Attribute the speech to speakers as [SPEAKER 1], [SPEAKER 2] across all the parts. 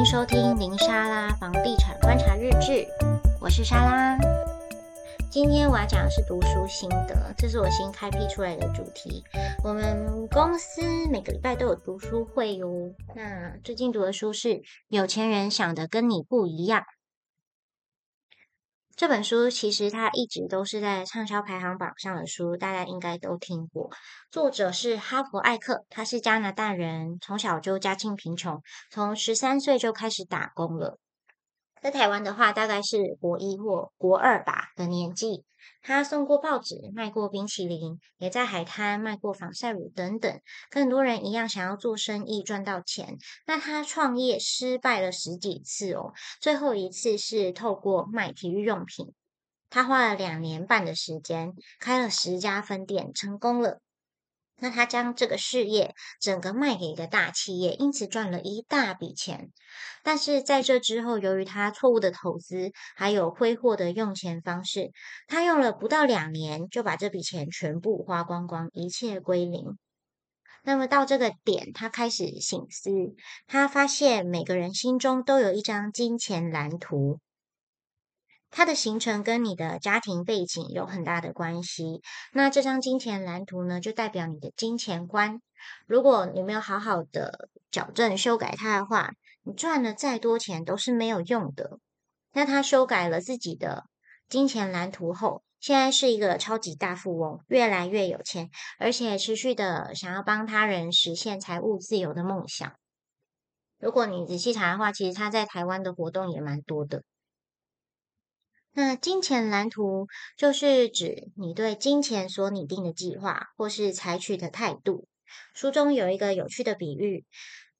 [SPEAKER 1] 歡迎收聽林莎拉房地產觀察日誌，我是莎拉。今天我要講的是讀書心得，這是我新開闢出來的主題。我們公司每個禮拜都有讀書會喲。那最近讀的書是《有錢人想的跟你不一樣》。這本書其實它一直都是在暢銷排行榜上的書，大家應該都聽過。作者是哈佛艾克，他是加拿大人，從小就家境貧窮，從十三歲就開始打工了。在台灣的話，大概是國一或國二吧的年紀。他送過報紙，賣過冰淇淋，也在海灘賣過防曬乳等等。跟很多人一樣，想要做生意賺到錢。那他創業失敗了十幾次哦，最後一次是透過賣體育用品。他花了兩年半的時間，開了十家分店，成功了。那他將這個事業整個賣給一個大企業，因此賺了一大筆錢。但是在這之後，由於他錯誤的投資，還有揮霍的用錢方式，他用了不到兩年就把這筆錢全部花光光，一切歸零。那麼到這個點，他開始省思，他發現每個人心中都有一張金錢藍圖。他的形成跟你的家庭背景有很大的關係。那這張金錢藍圖呢，就代表你的金錢觀。如果你沒有好好的矯正、修改它的話，你賺了再多錢都是沒有用的。那他修改了自己的金錢藍圖後，現在是一個超級大富翁，越來越有錢，而且持續的想要幫他人實現財務自由的夢想。如果你仔細查的話，其實他在台灣的活動也蠻多的。那金錢藍圖就是指你對金錢所擬定的計劃，或是採取的態度。書中有一個有趣的比喻：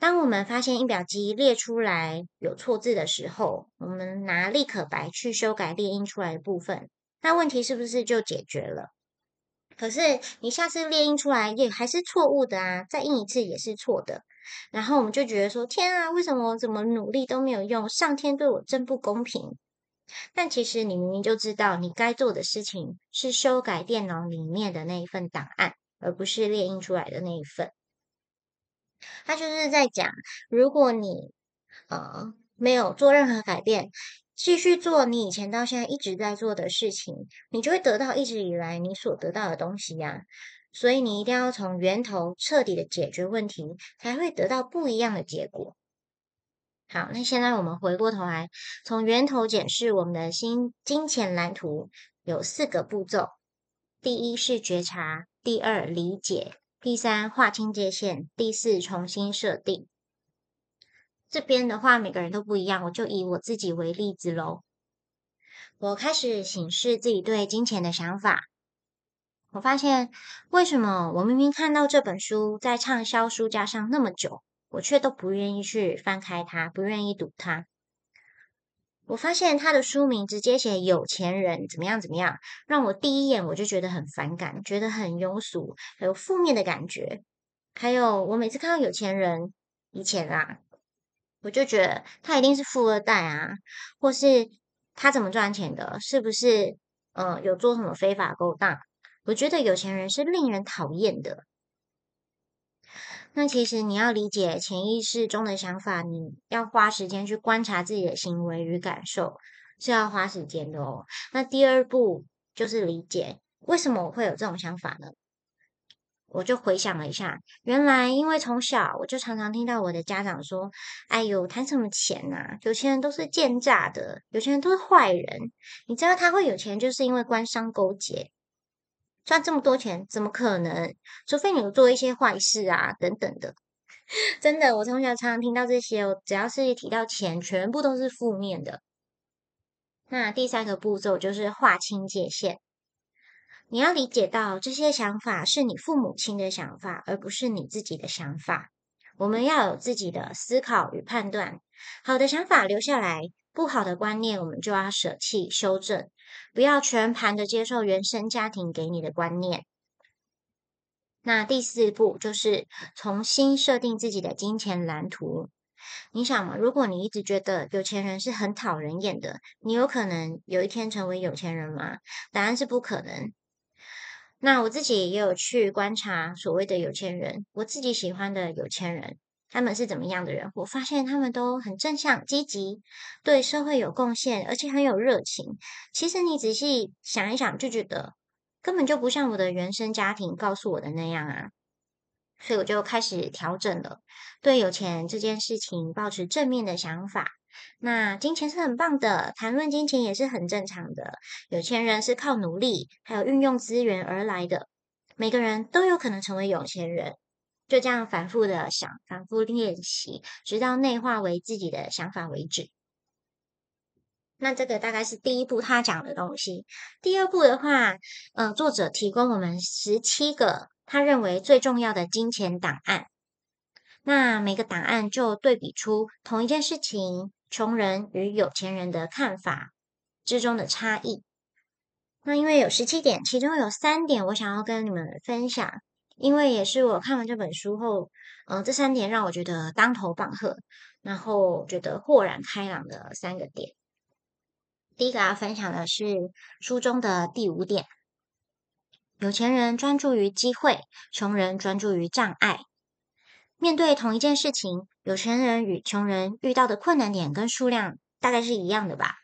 [SPEAKER 1] 當我們發現印表機列出來有錯字的時候，我們拿立可白去修改列印出來的部分，那問題是不是就解決了？可是你下次列印出來也還是錯誤的啊，再印一次也是錯的。然後我們就覺得說：天啊，為什麼我怎麼努力都沒有用？上天對我真不公平！但其實你明明就知道，你該做的事情是修改電腦裡面的那一份檔案，而不是列印出來的那一份。他就是在講，如果你呃沒有做任何改變，繼續做你以前到現在一直在做的事情，你就會得到一直以來你所得到的東西呀、啊。所以你一定要從源頭徹底的解決問題，才會得到不一樣的結果。好，那現在我們回過頭來，從源頭檢視我們的新金錢藍圖，有四個步驟：第一是覺察，第二理解，第三劃清界限，第四重新設定。這邊的話，每個人都不一樣，我就以我自己為例子嘍。我開始審視自己對金錢的想法，我發現為什麼我明明看到這本書在暢銷書架上那麼久。我卻都不願意去翻開它，不願意讀它。我發現它的書名直接寫“有錢人”怎麼樣怎麼樣，讓我第一眼我就覺得很反感，覺得很庸俗，還有負面的感覺。還有，我每次看到有錢人，以前啊，我就覺得他一定是富二代啊，或是他怎麼賺錢的，是不是？嗯、呃，有做什麼非法勾當？我覺得有錢人是令人討厭的。那其實你要理解潛意識中的想法，你要花時間去觀察自己的行為與感受，是要花時間的哦。那第二步就是理解為什麼我會有這種想法呢？我就回想了一下，原來因為從小我就常常聽到我的家長說：“哎呦，談什麼錢吶啊？有錢人都是奸詐的，有錢人都是壞人。你知道他會有錢，就是因為官商勾結。”賺這麼多錢怎麼可能？除非你有做一些壞事啊，等等的。真的，我從小常常聽到這些哦，我只要是提到錢，全部都是負面的。那第三個步驟就是劃清界限。你要理解到這些想法是你父母親的想法，而不是你自己的想法。我們要有自己的思考與判斷，好的想法留下來。不好的觀念，我們就要捨棄、修正，不要全盤的接受原生家庭給你的觀念。那第四步就是重新設定自己的金錢藍圖。你想嘛，如果你一直覺得有錢人是很討人厭的，你有可能有一天成為有錢人嗎？答案是不可能。那我自己也有去觀察所謂的有錢人，我自己喜歡的有錢人。他們是怎麼樣的人？我發現他們都很正向、積極，對社會有貢獻，而且很有熱情。其實你仔細想一想，就覺得根本就不像我的原生家庭告訴我的那樣啊。所以我就開始調整了，對有錢這件事情抱持正面的想法。那金錢是很棒的，談論金錢也是很正常的。有錢人是靠努力還有運用資源，而來的，每個人都有可能成為有錢人。就這樣反覆的想，反覆練習，直到內化為自己的想法為止。那這個大概是第一步，他講的東西。第二步的話，呃，作者提供我們十七個他認為最重要的金錢檔案。那每個檔案就對比出同一件事情，窮人與有錢人的看法之中的差異。那因為有十七點，其中有三點我想要跟你們分享。因為也是我看完這本書後，嗯、呃，這三點讓我覺得當頭棒喝，然後覺得豁然開朗的三個點。第一個要、啊、分享的是書中的第五點。有錢人專注於機會，窮人專注於障礙。面對同一件事情，有錢人與窮人遇到的困難點跟數量大概是一樣的吧。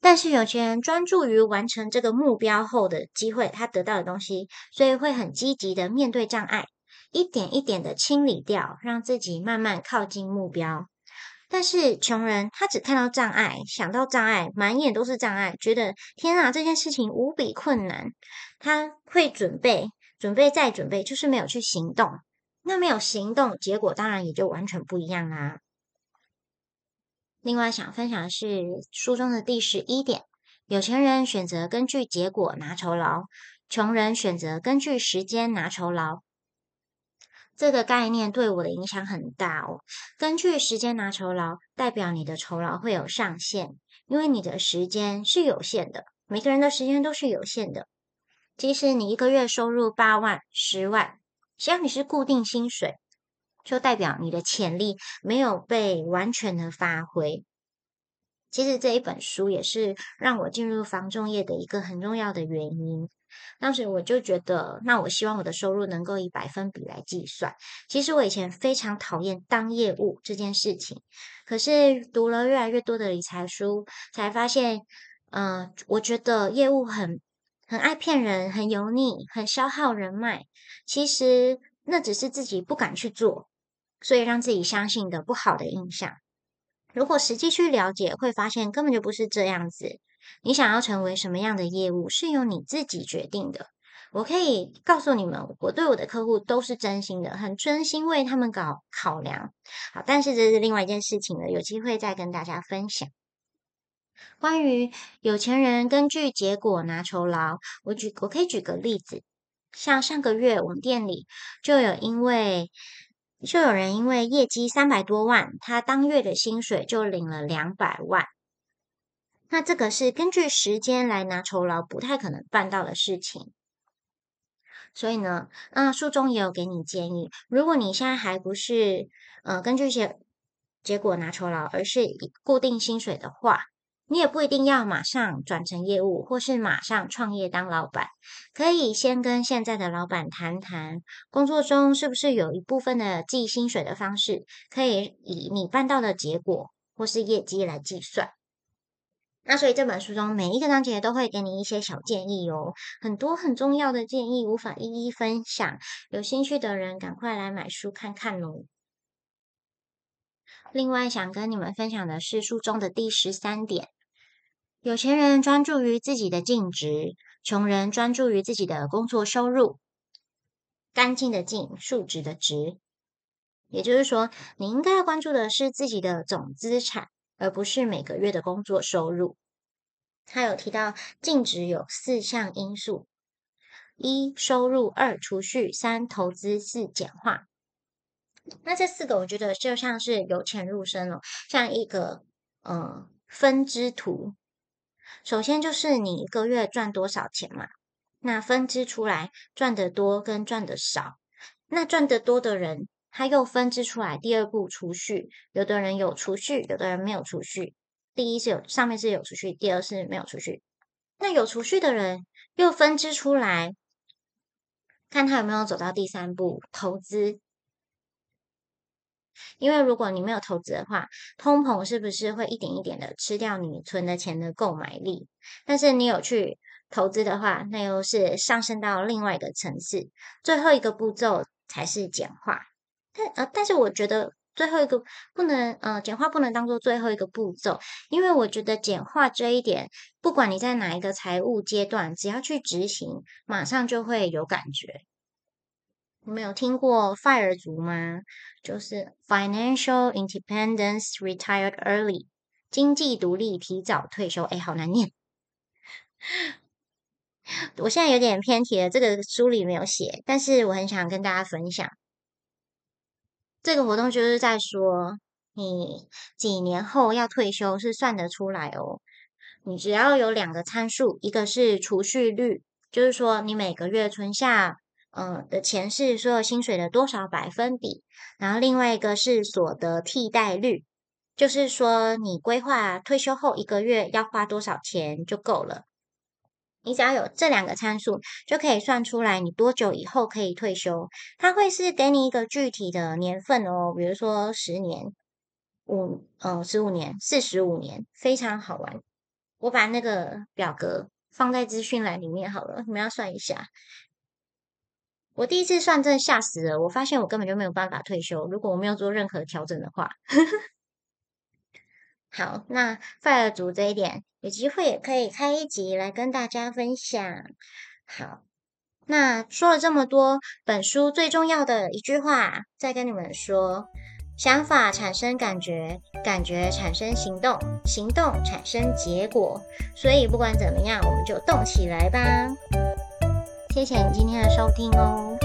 [SPEAKER 1] 但是有錢人專注於完成這個目標後的機會，他得到的東西，所以會很積極的面對障礙，一點一點的清理掉，讓自己慢慢靠近目標。但是窮人他只看到障礙，想到障礙，滿眼都是障礙，覺得天啊，這件事情無比困難，他會準備、準備再準備，就是沒有去行動。那沒有行動，結果當然也就完全不一樣啦、啊。另外想分享的是書中的第十一點，有錢人選擇根據結果拿酬勞，窮人選擇根據時間拿酬勞。這個概念對我的影響很大哦。根據時間拿酬勞，代表你的酬勞會有上限，因為你的時間是有限的。每個人的時間都是有限的，即使你一個月收入八萬、十萬，只要你是固定薪水。就代表你的潛力沒有被完全的發揮。其實這一本書也是讓我進入房仲業的一個很重要的原因。當時我就覺得，那我希望我的收入能夠以百分比來計算。其實我以前非常討厭當業務這件事情，可是讀了越來越多的理財書，才發現，嗯、呃，我覺得業務很很愛騙人，很油膩，很消耗人脈。其實那只是自己不敢去做。所以讓自己相信的不好的印象，如果實際去了解，會發現根本就不是這樣子。你想要成為什麼樣的業務，是由你自己決定的。我可以告訴你們，我對我的客戶都是真心的，很真心為他們搞考量。好，但是這是另外一件事情了，有機會再跟大家分享。關於有錢人根據結果拿酬勞，我舉，我可以舉個例子，像上個月我們店裡就有因為。就有人因為業績三百多萬，他當月的薪水就領了兩百萬。那這個是根據時間來拿酬勞，不太可能辦到的事情。所以呢，那、啊、書中也有給你建議，如果你現在還不是呃根據一些結果拿酬勞，而是以固定薪水的話。你也不一定要馬上轉成業務，或是馬上創業當老闆，可以先跟現在的老闆談談，工作中是不是有一部分的計薪水的方式，可以以你辦到的結果或是業績來計算。那所以這本書中每一個章節都會給你一些小建議哦，很多很重要的建議無法一一分享，有興趣的人趕快來買書看看哦。另外想跟你們分享的是書中的第十三點。有錢人專注於自己的淨值，窮人專注於自己的工作收入。乾淨的淨，數值的值，也就是說，你應該要關注的是自己的總資產，而不是每個月的工作收入。他有提到淨值有四項因素：一、收入；二、儲蓄；三、投資；四、簡化。那這四個我覺得就像是由淺入深了、哦，像一個嗯、呃、分支圖。首先就是你一個月賺多少錢嘛，那分支出來賺的多跟賺的少，那賺的多的人他又分支出來第二步儲蓄，有的人有儲蓄，有的人沒有儲蓄，第一是有上面是有儲蓄，第二是沒有儲蓄，那有儲蓄的人又分支出來，看他有沒有走到第三步投資。因為如果你沒有投資的話，通膨是不是會一點一點的吃掉你存的錢的購買力？但是你有去投資的話，那又是上升到另外一個層次。最後一個步驟才是簡化，但呃，但是我覺得最後一個不能呃，簡化不能當做最後一個步驟，因為我覺得簡化這一點，不管你在哪一個財務階段，只要去執行，馬上就會有感覺。你們有聽過 FIRE 族嗎？就是 Financial Independence Retired Early，經濟獨立提早退休，誒，好難念。 我現在有點偏題了，這個書裡沒有寫，但是我很想跟大家分享。這個活動就是在說，你幾年後要退休是算得出來哦。你只要有兩個參數，一個是儲蓄率，就是說你每個月存下。嗯，的錢是所有薪水的多少百分比，然後另外一個是所得替代率，就是說你規劃退休後一個月要花多少錢就夠了。你只要有這兩個參數，就可以算出來你多久以後可以退休。它會是給你一個具體的年份哦，比如說十年、五、呃十五年、四十五年，非常好玩。我把那個表格放在資訊欄裡面好了，你們要算一下。我第一次算正嚇死了，我發現我根本就沒有辦法退休，如果我沒有做任何調整的話。呵呵好，那 FIRE 族這一點有機會也可以開一集來跟大家分享。好，那說了這麼多，本書最重要的一句話再跟你們說：想法產生感覺，感覺產生行動，行動產生結果。所以不管怎麼樣，我們就動起來吧。謝謝你今天的收聽哦。